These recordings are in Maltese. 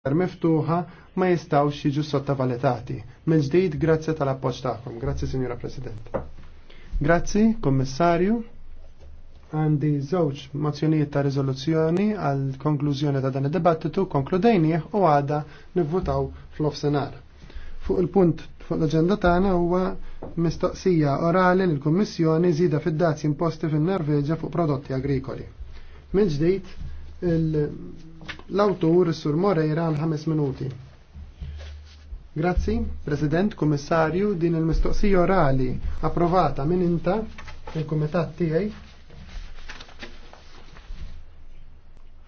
iktar miftuħa ma jistawx jiġu sottovalutati. mill ġdid, grazzi tal-appoġġ tagħkom. Grazzi, Sinjura President. Grazzi, Kommissarju. Għandi żewġ mozzjonijiet ta' riżoluzzjoni għal konklużjoni ta' dan id-dibattitu, konkludejnieh u għada nivvutaw fl senar. Fuq il-punt fuq l-aġenda tagħna huwa mistoqsija orali l kummissjoni żida fid-dazzi imposti fin-Norveġa fuq prodotti agrikoli. mill ġdid, l-autur Sur Moreira għal ħames minuti. Grazzi, President, Kommissarju. din il-mistoqsija orali approvata minn inta il-Kumitat tiegħi.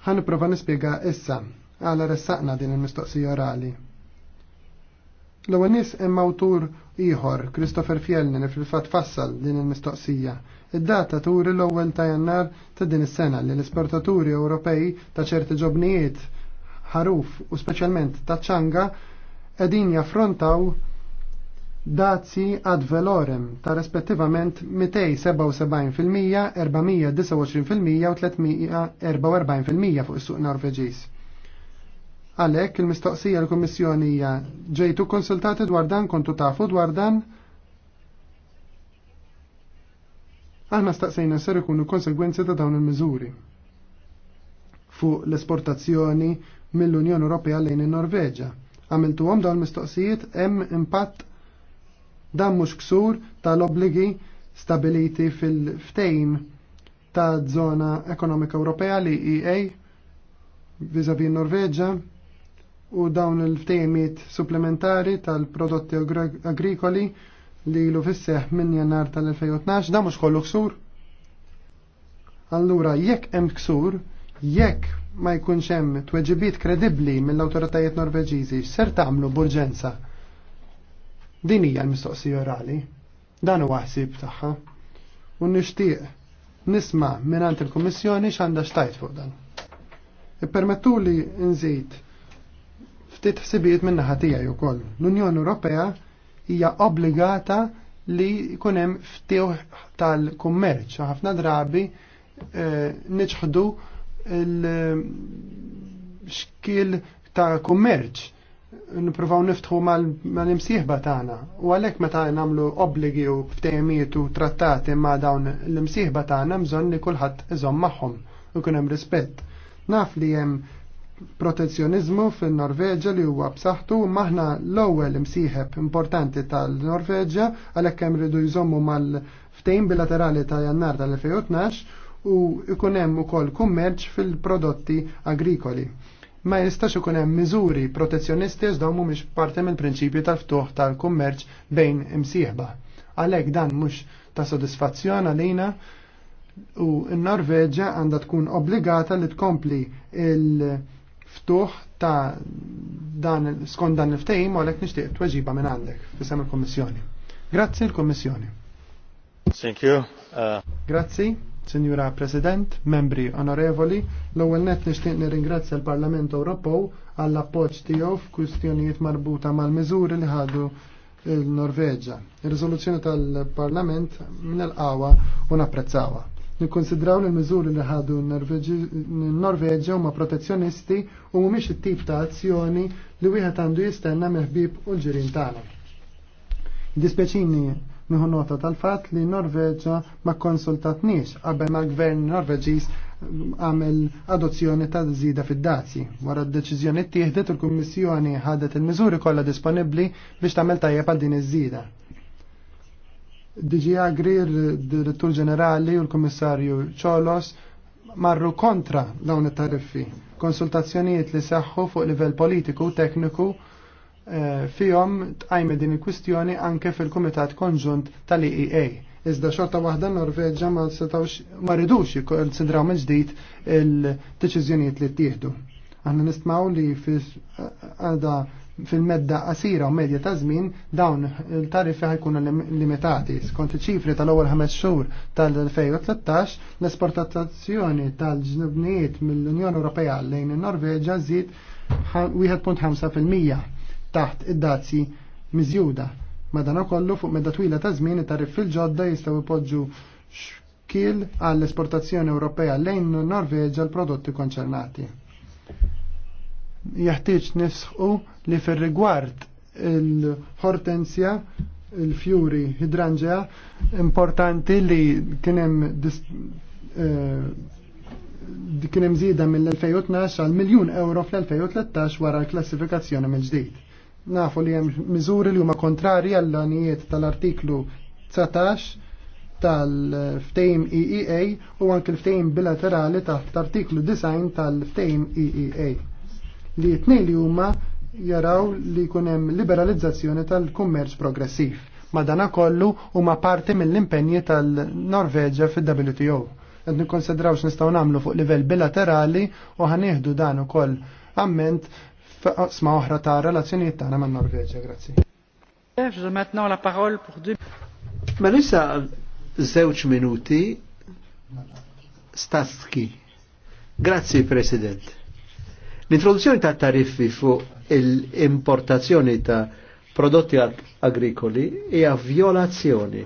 Ħan prova nispjega issa għal ressaqna din il-mistoqsija orali. L-ewwel nies hemm awtur ieħor, Christopher Fjellner, fil-fatt fassal din il-mistoqsija. Id-data turi l-ewwel ta' Jannar ta' din is-sena li l-esportaturi Ewropej ta' ċerti ġobnijiet ħaruf u speċjalment ta' ċanga qegħdin jaffrontaw dazzi ad velorem ta' rispettivament 277%, 429% u 344% fuq is-suq Norveġiż. Għalhekk il-mistoqsija l-Kummissjoni hija ġejtu konsultati dwar dan kontu tafu dwar dan Aħna staqsejna ser ikunu konsegwenzi ta' dawn il-miżuri fuq l-esportazzjoni mill-Unjoni Ewropea lejn in-Norveġa. Għamiltu għom dawn mistoqsijiet hemm impatt dan mhux ksur tal obbligi stabiliti fil-ftejn ta' zona ekonomika Ewropea li EA vis-a-vis Norveġa u dawn il-temiet supplementari tal-prodotti agrikoli li ilu fisseħ minn jannar tal-2012, da mux kollu ksur? Allura, jekk hemm ksur, jekk ma jkunx hemm tweġibiet kredibbli mill-awtoritajiet Norveġiżi, ser tagħmlu b'urġenza. Din hija l-mistoqsija orali. Dan huwa ħsieb tagħha. U nixtieq nisma' mingħand il-Kummissjoni x'għandha xtajt fuq dan. Ippermettuli nżid ftit ħsibijiet min naħa tiegħi wkoll. L-Unjoni Ewropea hija obbligata li jkun hemm ftieħ tal-kummerċ ħafna drabi eh, niċħdu l-xkil ta' kummerċ nipruvaw niftħu mal-imsieħba tagħna. U għalhekk meta nagħmlu obbligi u ftehimiet u trattati ma' dawn l-imsieħba tagħna bżonn li kulħadd iżomm magħhom u jkun hemm rispett. Naf li hemm protezzjonizmu fin-Norveġa li huwa b'saħħtu maħna l-ewwel imsieħeb importanti tal-Norveġa għalhekk hemm ridu jżommu mal ftejn bilaterali ta' Jannar tal-2012 u jkun hemm ukoll kummerċ fil-prodotti agrikoli. Ma jistax ikun hemm miżuri protezzjonisti iżda mhumiex parti mill-prinċipju tal-ftuħ tal-kummerċ bejn imsieħba. Għalhekk dan mhux ta' sodisfazzjon għalina u n-Norveġa għandha tkun obbligata li tkompli il- ftuħ ta' dan skont dan il ftehim u għalhekk nixtieq tweġiba minn għandek fisem il-Kommissjoni. Grazzi l-Kommissjoni. Thank you. Uh, Grazzi, Sinjura President, membri onorevoli, l-ewwel net nixtieq nirringrazzja l-Parlament Ewropew għall appoġġ tiegħu f'kwistjonijiet marbuta mal-miżuri li ħadu il norveġġa Ir-riżoluzzjoni tal-Parlament minel qawa u napprezzawha. Nikkonsidraw li l-miżuri li ħadu n-Norveġġa huma protezzjonisti u mhumiex it-tip ta' azzjoni li wieħed għandu jistenna meħbib u l-ġirien tagħna. Dispjaċini nieħu nota tal-fatt li Norveġġa ma konsultatniex qabel ma gvern Norveġiż għamel adozzjoni ta' żida fid-dazzi. Wara d-deċiżjoni tieħdet il-Kummissjoni ħadet il-miżuri kollha disponibbli biex tagħmel tajjeb għal din iż-żida. Diġi Agri, il-Direttur Ġenerali u l-Komissarju Ċolos marru kontra dawn it-tariffi. Konsultazzjonijiet li seħħu fuq livell politiku u tekniku eh, fihom tqajmi din il-kwistjoni anke fil-Kumitat Konġunt tal-EEA. Iżda xorta waħda Norveġġa ma setawx ma ridux jikonsidraw minn ġdid il-deċiżjonijiet li ttieħdu. Aħna nistmaw li għada fil-medda qasira u medja ta' żmien dawn il-tariffi ħajkunu limitati. Skont iċ-ċifri tal-ewwel ħames xhur tal-2013, l-esportazzjoni tal-ġnubniet mill-Unjoni Ewropea lejn in-Norveġa żied 1.5% taħt id-dazzi miżjuda. Madanakollu fuq medda twila ta' żmien it tariff fil-ġodda jistgħu jpoġġu xkiel għall-esportazzjoni Ewropea lejn n-Norveġġa l-prodotti konċernati jeħtieġ nisħu li fir-rigward il-hortensja il-fjuri hidranġea importanti li kienem eh, kienem zida mill-2012 għal miljun euro fl-2013 wara l-klassifikazzjoni mill ġdid Nafu li hemm miżuri li huma kontrari għall anijiet tal-artiklu 19 tal-ftejm EEA u anke l-ftejm bilaterali taħt artiklu design tal-ftejm EEA li t-nej li huma jaraw li kunem liberalizzazzjoni tal-kummerċ progressiv. Madana kollu huma parti mill-impenji tal-Norveġa fil-WTO. Qed nikkonsidraw nistaw nagħmlu fuq livell bilaterali u ħanieħdu dan ukoll amment f'qosma oħra ta' relazzjonijiet tagħna man-Norveġa. Grazzi. Ma nisa żewġ minuti Staski. Grazzi President. L-introduzzjoni ta' tariffi fuq l-importazzjoni ta' prodotti agrikoli hija violazzjoni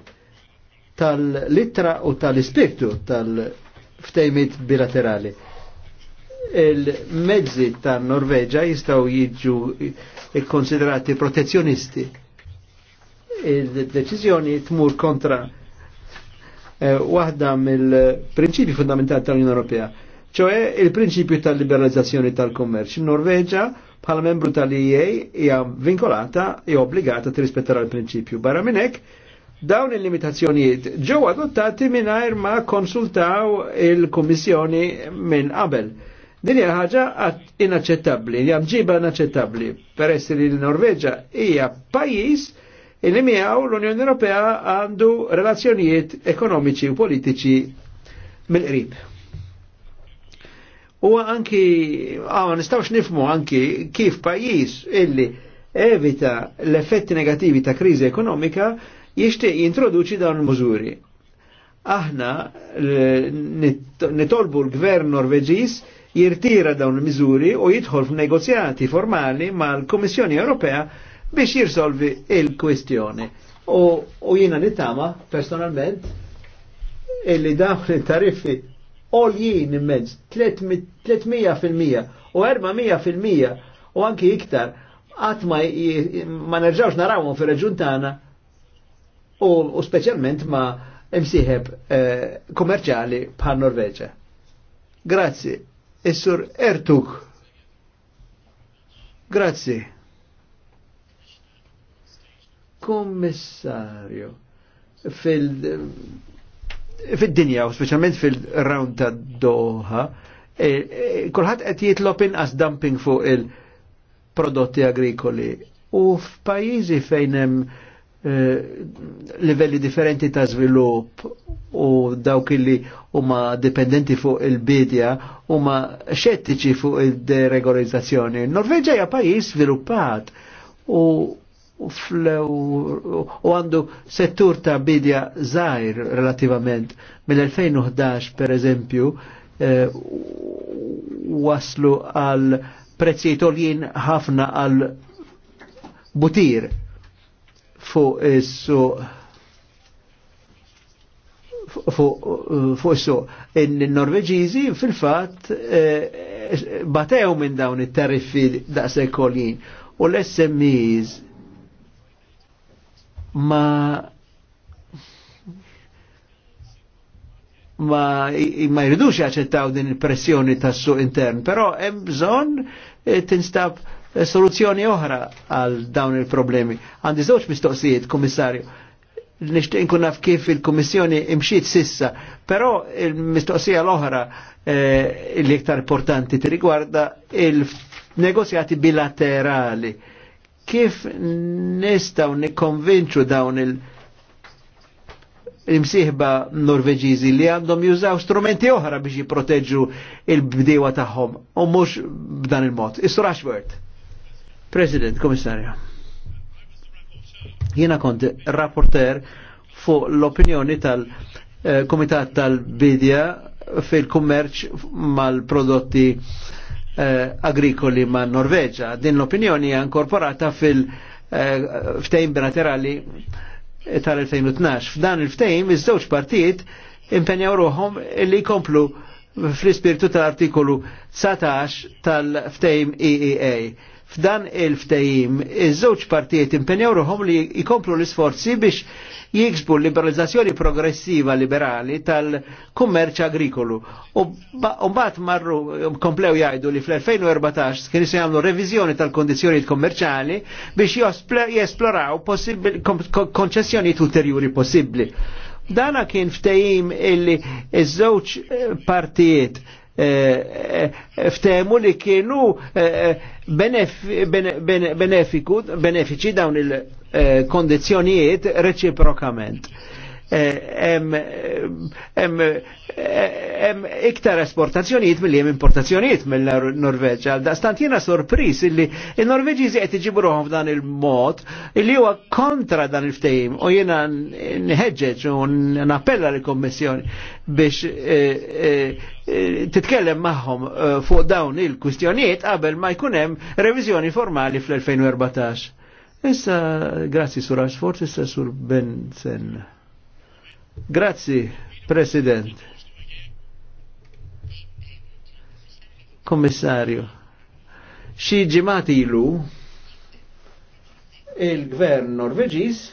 tal-litra u tal-ispirtu tal-ftejmit bilaterali. Il-mezzi ta' Norveġa jistaw jiġu konsiderati protezzjonisti. Il-deċizjoni tmur kontra eh, waħda mill-prinċipi fundamentali tal-Unjoni Ewropea ċoħe il-prinċipju tal-liberalizzazzjoni tal-kommerċ. Norveġa bħala membru tal-EA hija vinkolata e obbligata t tirrispettare l-prinċipju. Barra minnek, dawn il-limitazzjonijiet ġew adottati minnajr ma konsultaw il komissjoni minn qabel. Din hija ħaġa inaċċettabbli, hija mġiba inaċċettabbli. Peress li l-Norveġa hija pajjiż li miegħu l-Unjoni Ewropea għandu relazzjonijiet ekonomiċi u politiċi mill-qrib. U anki, għaw, nistawx nifmu anki kif pajis illi evita l-effetti negativi ta' krizi ekonomika jishtiq jintroduċi dawn il-mużuri. Aħna nitolbu l-gvern norveġis jirtira dawn il-miżuri u jidħol f'negozjati formali l komissjoni Ewropea biex jirsolvi il kwestjoni U, u jina nittama personalment illi dawn il-tariffi jien immens, 300% u 400% u anki iktar, għat ma nerġawx narawhom fir-reġun tana u speċjalment ma msieħeb eh, kummerċjali bħal Norveġa. Grazzi, Essur Ertug. Grazzi. Kommissario. fil fid-dinja u speċjalment fil-round ta' Doha, e, e, kulħadd qed jitlob inqas dumping fuq il-prodotti agrikoli u f'pajjiżi fejn hemm e, livelli differenti ta' żvilupp u dawk li huma dipendenti fuq il-bidja huma xettiċi fuq il-deregolizzazzjoni. Norveġa hija pajjiż sviluppat u u għandu settur ta' bidja zaħir relativament. Mill-2011 per eżempju eh, waslu għal prezzijiet oljin ħafna għal butir fuq issu fuq fu issu in-Norveġiżi fil-fatt eh, batew minn dawn it-tariffi daqshekk oljin u l-SMEs ma ma ma jridux jaċċettaw din il-pressjoni tas-suq intern, però hemm bżonn eh, tinstab eh, soluzzjoni oħra għal dawn il-problemi. Għandi żewġ mistoqsijiet, Kummissarju. Nixtieq nkun naf kif il-Kummissjoni imxiet sissa, però il-mistoqsija l-oħra eh, l-iktar importanti tirrigwarda il-negozjati bilaterali Kif nistaw nikonvinċu dawn il- l-imsieħba norveġiżi li għandhom jużaw strumenti oħra biex jiproteġu il-bdewa tagħhom u mhux b'dan il-mod. Isra Ashworth, President, Komissarja. Jiena kont rapporter fuq l-opinjoni tal-Komitat eh, tal-Bidja fil-kummerċ mal-prodotti Eh, agrikoli ma' Norveġa. Din l-opinjoni hija inkorporata fil-ftejn eh, bilaterali tal-2012. F'dan il-ftejn iż-żewġ partijiet impenjaw ruħom li jkomplu fl-ispirtu tal-artikolu 19 tal-ftejm EEA F'dan il ftajim iż-żewġ partijiet impenjaw ruħom li jkomplu l-isforzi biex jiksbu liberalizzazzjoni progressiva liberali tal-kummerċ agrikolu. U mbagħad marru komplew jgħidu li fl-2014 kien se jagħmlu reviżjoni tal-kondizzjonijiet kommerċali biex jesploraw konċessjonijiet ulterjuri possibbli. Dana kien ftehim illi iż-żewġ eh, partijiet Eh, ftemu li kienu eh, benefiku, benefiċi dawn il-kondizjonijiet eh, reċiprokament hemm eh, iktar esportazzjonijiet milli hemm importazzjonijiet mill-Norveġġa. Stant jiena sorpris illi il-Norveġiżi qed iġibruhom f'dan il-mod illi huwa kontra dan il-ftehim u jiena nħeġġeġ u nappella l-Kommissjoni biex eh, eh, titkellem magħhom fuq dawn il-kwistjonijiet qabel ma jkun hemm reviżjoni formali fl-2014. Issa, grazzi sur Ashford, issa sur Senna. Grazzi, President. Kommissarju, xi ġimati ilu il-gvern Norveġiż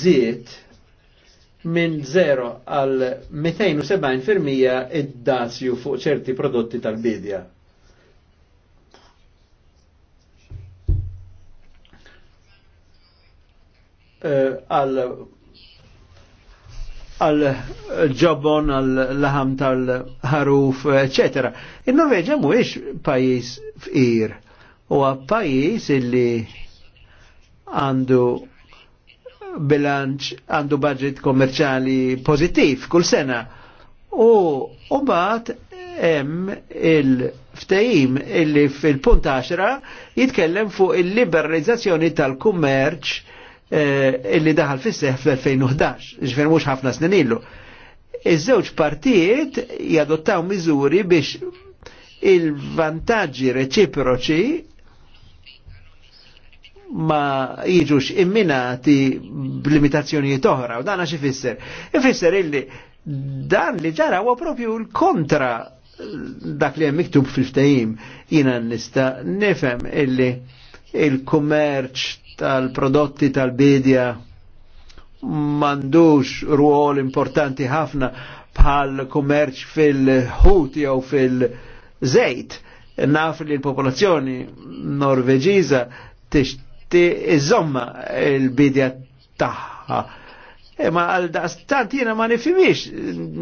ziet minn 0 għal 270% id-dazju fuq ċerti prodotti tal-bidja. Eh, għal għal ġobon, għal laħam tal-ħaruf, etc. Il-Norveġa mhuwiex pajis fqir, huwa pajis illi għandu bilanċ, għandu budget kommerċali pozittiv kull sena. U mbagħad hemm il-ftehim illi fil-punt 10 jitkellem fuq il-liberalizzazzjoni tal-kummerċ Eh, illi daħal fisseħ fl-2011, ġifier mhux ħafna snin illu. Iż-żewġ partijiet jadottaw miżuri biex il-vantaġġi reċiproċi ma jiġux imminati b'limitazzjonijiet oħra u dana xi fisser. Ifisser illi dan li ġara huwa propju l-kontra dak li hemm miktub fil-ftehim jiena nista' nifhem illi il-kummerċ tal-prodotti tal-bidja mandux ruol importanti ħafna bħal kummerċ fil-ħut jew fil-żejt. Naf li l-popolazzjoni norveġiża tixti iżomma il-bidja tagħha. Ma għal tant jena ma nifimix,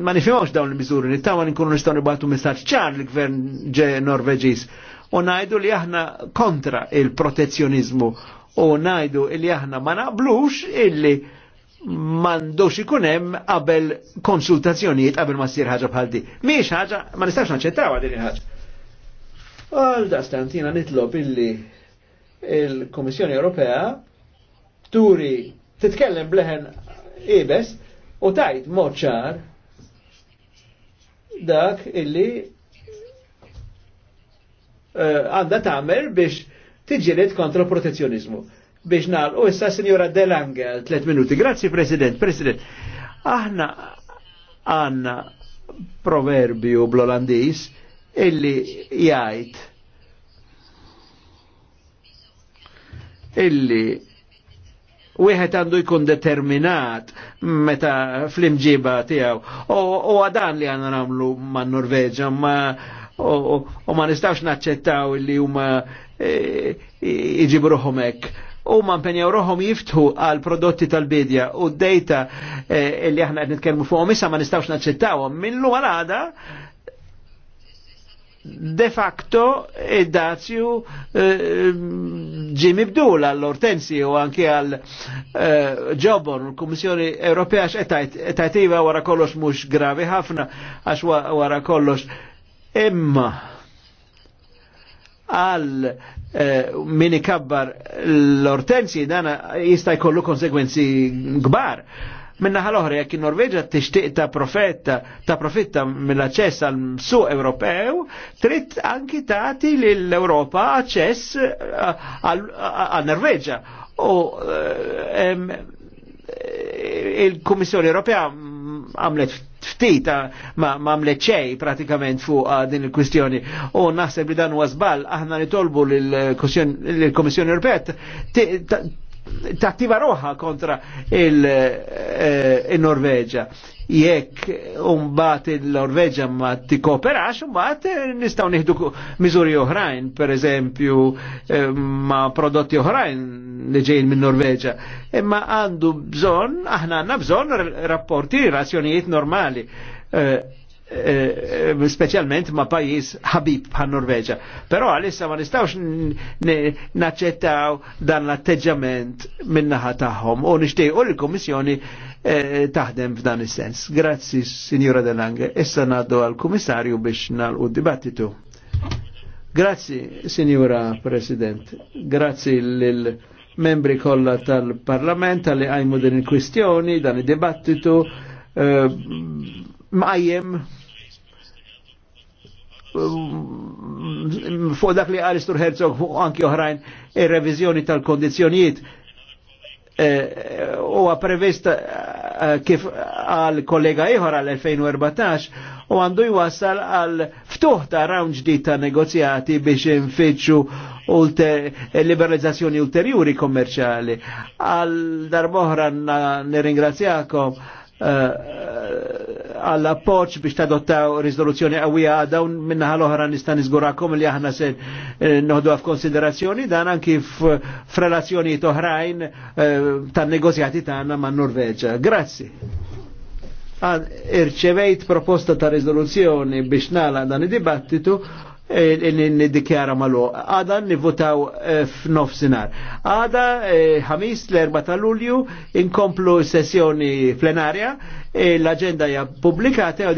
ma nifimawx dawn il-mizuri, nittama nkunu nistaw nibatu messaċ ċar l-gvern ġe norveġiż u najdu li aħna kontra il-protezzjonizmu u najdu li aħna ma naqblux illi mandux ikunem qabel konsultazzjonijiet qabel ma sir ħaġa bħal di. Miex ħaġa, ma nistax naċċettaw din il-ħaġa. Għalda stantina nitlob illi il-Komissjoni Ewropea turi titkellem bleħen ibes u tajt moċar dak illi Eh, għandha tagħmel biex tiġilet kontra protezjonizmu. Biex u issa Sinjora Delange, tliet minuti. Grazzi President, President. Aħna għandna proverbju bl illi jgħid illi wieħed għandu jkun determinat meta fl-imġiba tiegħu. U għadan li għandna nagħmlu man Norveġa ma' u ma nistax naċċettaw li huma e, iġibru ruħhom hekk u ma mpenjaw roħom jiftħu għal prodotti tal-bidja u d-dejta e, li aħna qed nitkellmu fuqom issa ma naċċettaw naċċettawhom. Millu għada de facto id-dazju e, ġim eh, mibdul għall-ortensi u anki għal ġobon u l komissjoni Ewropea tajtiva wara kollox mux gravi ħafna għax wara kollox Imma għal eh, min ikabbar l ortenzi dana jista' jkollu konsekwenzi gbar. Minna ħal-oħra jekk in-Norveġa tixtieq ta' profetta ta' profitta mill-aċċess għal suq Ewropew, trid anki tagħti lill-Ewropa aċċess eh, għal Norveġa. U eh, il-Kummissjoni Ewropea għamlet ftit eh, ma mamlet pratikament fuq eh, din il-kwistjoni. U naħseb li dan huwa żball aħna nitolbu lill-Kummissjoni eh, Ewropea tattiva roħa kontra il-Norveġa. Il eh, Jekk umbat il-Norveġa ma tikkooperax, umbat eh, nistaw nieħdu miżuri oħrajn, per eżempju eh, ma prodotti oħrajn li ġejn minn Norveġa. Imma għandu bżon, aħna għanna bżon rapporti, razzjonijiet normali. Eh, specialment ma pajis ħabib bħal Norveġa. Però għalissa ma nistawx naċċettaw dan l-atteġġament minnaħa tagħhom u nixtieq u l-Kummissjoni eh, taħdem f'dan is-sens. Grazzi, Sinjura Delange. Issa ngħaddu għall-Kummissarju biex nagħlqu d-dibattitu. Grazzi, Sinjura President. Grazzi lil membri kollha tal-Parlament li għajmu din il-kwistjoni, dan id-dibattitu. Uh, eh, mqajjem um, fuq dak li Alistair Herzog fuq anki oħrajn ir-reviżjoni tal kondizjonijiet eh, eh, huwa previst eh, kif għal kollega ieħor għal 2014 u għandu jwassal għal ftuħ ta' rawn ġdid ta' negozjati biex infittxu ulter, liberalizzazzjoni ulterjuri kommerċali. Għal darboħra nirringrazzjakom uh, għall appoġġ biex tadottaw riżoluzzjoni għawija dawn minna għal oħra nistan izgurakom li aħna se eh, noħdu konsiderazzjoni dan anki f'relazzjonijiet toħrajn eh, tan-negozjati tagħna ma' norveġa Grazzi ah, irċevejt proposta ta' rizoluzzjoni biex nala dan id-dibattitu Eh, nidikjara malu. Għada nivutaw eh, f'nofsinar. Għada eh, ħamis l-4 ta' lulju inkomplu sessjoni plenarja, l-agenda hija pubblikata